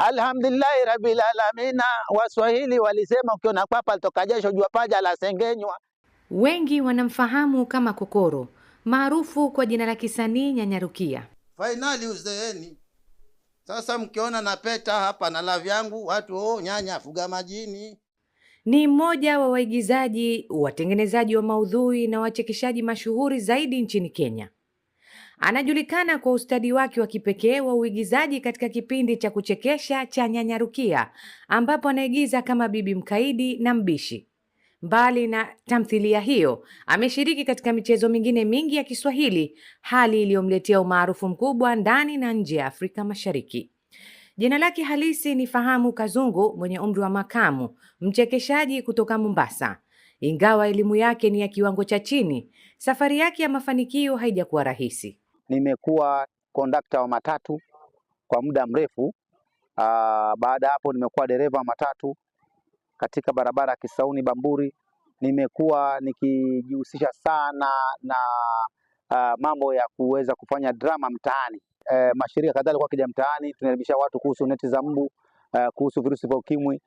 Alhamdulillahi rabbil alamina. Waswahili walisema ukiona kwapa alitoka jasho, jua paja lasengenywa. Wengi wanamfahamu kama Kokoro, maarufu kwa jina la kisanii Nyanyarukia. Fainali uzeeni sasa, mkiona na peta hapa na love yangu watu, oh, nyanya afuga majini. Ni mmoja wa waigizaji, watengenezaji wa maudhui na wachekeshaji mashuhuri zaidi nchini Kenya. Anajulikana kwa ustadi wake wa kipekee wa uigizaji katika kipindi cha kuchekesha cha Nyanyarukia ambapo anaigiza kama bibi mkaidi na mbishi. Mbali na tamthilia hiyo, ameshiriki katika michezo mingine mingi ya Kiswahili, hali iliyomletea umaarufu mkubwa ndani na nje ya Afrika Mashariki. Jina lake halisi ni Fahamu Kazungu, mwenye umri wa makamu, mchekeshaji kutoka Mombasa. Ingawa elimu yake ni ya kiwango cha chini, safari yake ya mafanikio haijakuwa rahisi nimekuwa kondakta wa matatu kwa muda mrefu. Ah, baada ya hapo nimekuwa dereva wa matatu katika barabara ya Kisauni Bamburi. Nimekuwa nikijihusisha sana na aa, ah, mambo ya kuweza kufanya drama mtaani. E, mashirika kadhaa yalikuwa akija mtaani, tunaelimisha watu kuhusu neti za mbu, ah, kuhusu virusi vya ukimwi.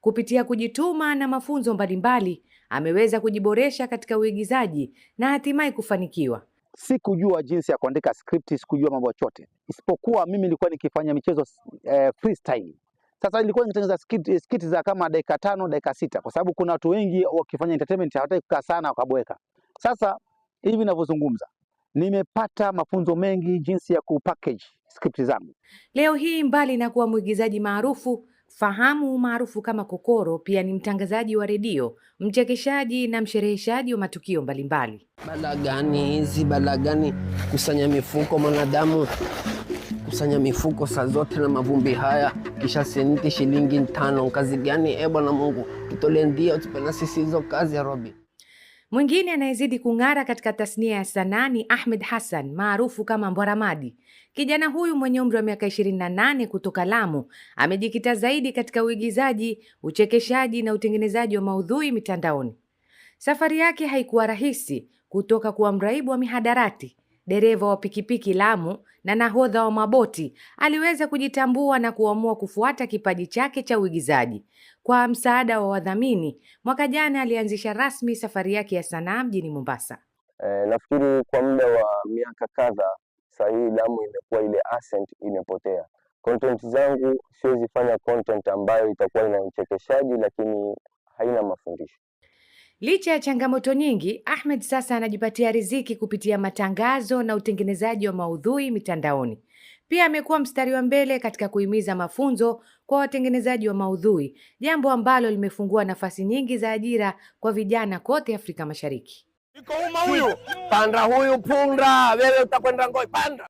Kupitia kujituma na mafunzo mbalimbali, ameweza kujiboresha katika uigizaji na hatimaye kufanikiwa sikujua jinsi ya kuandika script, sikujua mambo yote isipokuwa mimi nilikuwa nikifanya michezo eh, freestyle. Sasa nilikuwa nikitengeneza skit, skit za kama dakika tano dakika sita kwa sababu kuna watu wengi wakifanya entertainment hawataki kukaa sana wakabweka Sasa hivi ninavyozungumza nimepata mafunzo mengi jinsi ya kupackage script zangu. Leo hii mbali na kuwa mwigizaji maarufu, Fahamu maarufu kama Kokoro pia ni mtangazaji wa redio, mchekeshaji na mshereheshaji wa matukio mbalimbali. gani hizi bala gani kusanya mifuko mwanadamu, kusanya mifuko saa zote na mavumbi haya, kisha senti shilingi tano. Kazi gani? E Bwana Mungu tutolee, ndio tupena sisi hizo kazi ya robi Mwingine anayezidi kung'ara katika tasnia ya sanaa ni Ahmed Hassan maarufu kama Mbwaramadi. Kijana huyu mwenye umri wa miaka 28 kutoka Lamu amejikita zaidi katika uigizaji, uchekeshaji na utengenezaji wa maudhui mitandaoni. Safari yake haikuwa rahisi kutoka kuwa mraibu wa mihadarati dereva wa pikipiki Lamu na nahodha wa maboti aliweza kujitambua na kuamua kufuata kipaji chake cha uigizaji. Kwa msaada wa wadhamini, mwaka jana alianzisha rasmi safari yake ya sanaa mjini Mombasa. E, nafikiri kwa muda wa miaka kadhaa saa hii Lamu imekuwa ile accent imepotea. Content zangu siwezi fanya content ambayo itakuwa ina uchekeshaji, lakini haina mafundisho. Licha ya changamoto nyingi, Ahmed sasa anajipatia riziki kupitia matangazo na utengenezaji wa maudhui mitandaoni. Pia amekuwa mstari wa mbele katika kuhimiza mafunzo kwa watengenezaji wa maudhui, jambo ambalo limefungua nafasi nyingi za ajira kwa vijana kote Afrika Mashariki. Iko huyu panda, huyu punda, wewe utakwenda Ngoi panda.